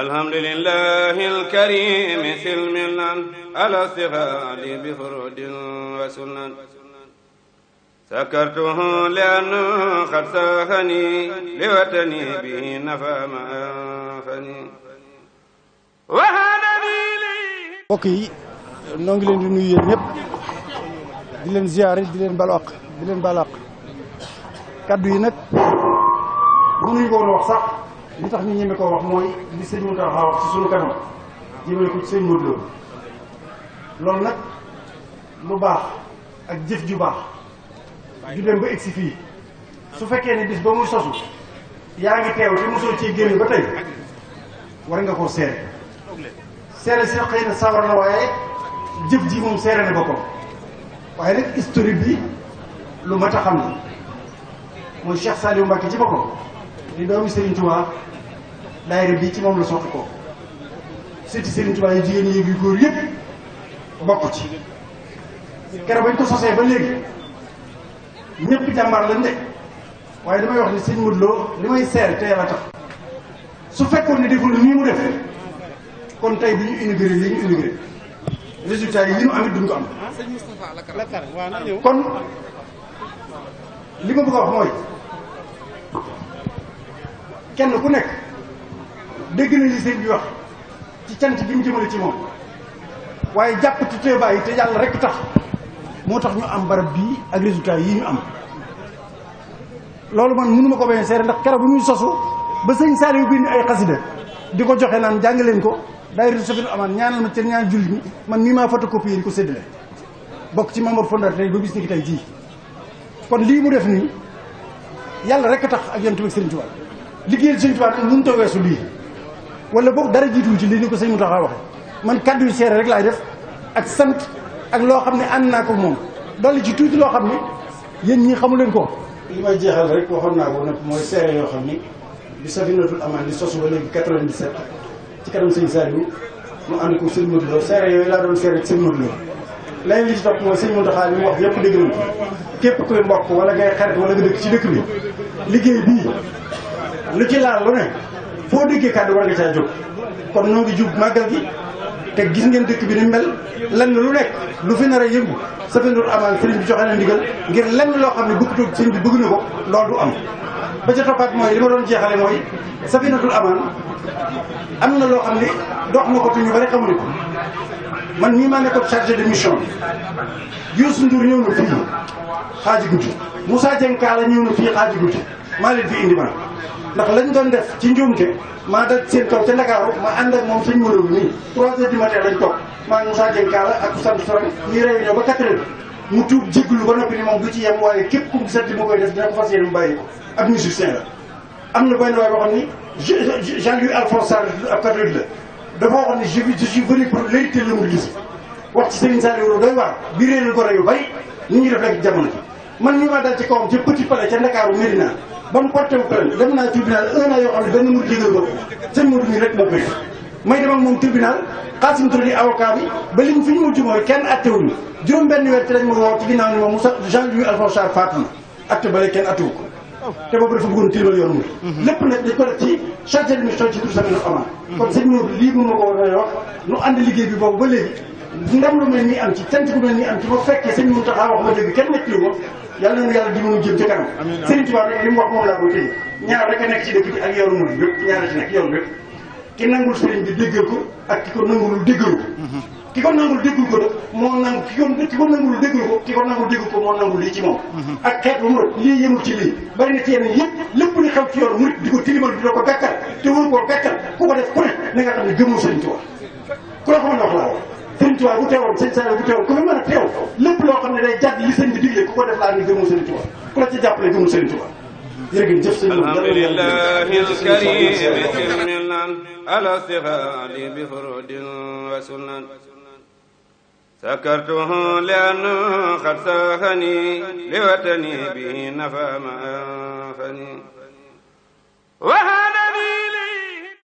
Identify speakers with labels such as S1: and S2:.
S1: الحمد لله الكريم سلمنا على استفاد بفرد وسنن سكرته لأنه قد ساخني لوطني به نفى ما أنفني وهذا لي mbokk yi noo ngi leen di nuyu yéen ñëpp di leen ziyaare di leen balaq di leen balaq kaddu yi nag mënuñu ko woon wax sax li tax ñu ñeme koo wax mooy li sëñ Mountakha wax ci sunu kanam jëmale ko ci sëñ Modou nag lu baax ak jëf ju baax ju dem ba si fii su fekkee ne bis ba muy sosu yaa ngi teew te mosoo cee génn ba tey war nga koo seere seere si xëy na sawar na waaye jëf ji moom seere na boppam waaye nag historique bi lu mat a xam ne mooy Cheikh Saliou Mbacke ci boppam di doomi Serigne Touba daayira bi ci moom la sotti ko sëti Serigne Touba yi jigéen yéeg yu góor yépp bokk ci keroog ko sosee ba léegi ñëpp jàmbaar lañ de waaye damay wax ni sëñ Modou Lo li may seer te yàlla tax su fekkoon ni deful nii mu def kon tey du ñu inauguré li ñu inauguré résultat yi li ñu am it duñ ko am ah, kon li ma bëgg a wax mooy kenn ku nekk dégg na li sëñ bi wax ci cant bi mu jëmale ci moom waaye jàpp ci teebaay yi te yàlla rek tax moo tax ñu am barab bii ak résultat yi ñu am loolu man mënu ko bañ seere ndax keroog bu ñuy sosu ba sëñ Saliou bind ay xasida di ko joxe naan jàng leen ko daayira Safinatoul Amaan ñaanal ma ca ñaan jullit ñi man mii maa photocopie di ko séddale bokk ci membre fondateur ba bis ni ki tey jii kon lii mu def nii yàlla rek tax ak yonent bi Sëriñ Tuubaa liggéeyal sëñ Tuubaa nag mënut a weesu lii wala boog dara jiituwul ci li ni ko sëñ Mountakha waxe man kàddu yu seere rek laay def ak sant ak loo xam ne ànd naa ko moom dolli ci tuuti loo xam ne yéen ñi xamu leen ko. li may jeexal rek waxoon naa ko nag mooy seere yoo xam ni bi Safinatul Amaan di sosu ba léegi 97 ci kanam sëñ Saliou mu ànd ko sëñ Modou Lo seere yooyu laa doon seere ak sëñ Modou Lo leneen li ci mu wax yëpp dégg nañ ko képp kuy mbokk wala ngay xarit wala nga dëkk ci dëkk bi liggéey bii lu ci laal lu ne foo déggee kàddu war jóg kon noo ngi jub màggal gi te gis ngeen dëkk bi ni mel lenn lu nekk lu fi nar a yëngu safinul amaan sëriñ bi joxe na ndigal ngir lenn loo xam ne bëggatoo sëriñ bi bëgg na ko loolu du am ba ca toppaat mooy li ma doon jeexale mooy safinatul amaan am na loo xam ne dox na ko te ñu bari xamuñu ko man mii maa nekkoon chargé de mission bi Youssou Ndour ñëw na fii xaaji guddi Moussa Dieng Kaala ñëw na fii xaaji guddi ndax lañ doon def ci njuumte maa daj seen kaw ca Ndakaaru ma ànd ak moom suñ mënul nii 3 heures du matin lañ toog maa ngi Moussa Dieng Kaala ak sant Sorang ñuy réunion ba 4 heures mu tuub jéglu ba noppi ni moom du ci yem waaye képp ku gisati mu koy def dina ko fas yéene mu bàyyi ko ak musicien la am na benn waay boo xam ni Jean-Louis Alphonse Sarr ab catholique la dafa waxoon ni je suis venu pour l'hérité le mouridisme wax ci Serigne Saliou doy waar bi réeral ko yu bari ñu ngi def rek jamono man ñu ma dal ci kawam ca Petit Palais ca Ndakaaru Médina ba mu porté wu plainte dem naa tribunal un an yoo xam ne benn mur jégal ko seen mur mi rek moo may dem moom tribunal Xaasim Touré di avocat bi ba li mu fi ñu mujj mooy kenn attewul juróom benn weer ci lañ ma woo ci ginnaaw ni moom Moussa Jean-Louis Alphonse Sarr faatu na atte ba léegi kenn attewu ko te boobu dafa bëggoon tilimal yoon mu lépp nag dañ ko ci chargé de mission ci tur Samina Omar kon sëñ Nour lii mun ma ko war a wax nu ànd liggéey bi boobu ba léegi ndam lu mel nii am ci cant gu mel nii am ci bu fekkee sëñ Mountakha ma dëgg kenn nettali ko yàlla na yàlla dimbalu jëm ca kanam sëñ Tuubaa rek li mu wax moom laa koy téye ñaar rek a nekk ci dëkk bi ak yoonu murid yëpp ñaar a ci nekk yoon mhm. ki ko nangul déggalu ko ki ko nangul déggul ko nag moo nangul déggul ko ki moo nangul lii mhm. na ci yenn yëpp lépp li ko tilimal ko gàkkal koo ku ko def ku ne na xam ne gëmoo sëriñ Tuubaa ku la ko mën a wax laa wax Tuubaa bu teewoon sëñ Saliou bu teewoon ku fi mën a teew lépp loo xam ne day jàdd li sëñ bi digle ku ko def laa ni gëmul sëñ Tuubaa ku la ci jàppale gëmul sëñ Tuubaa jërëjëf jëf sëñ alhamdulillahi karim minan ala istighali bi furudin wa sunan سكرته لأن قد ساهني لوطني به نفى ما أنفني وهل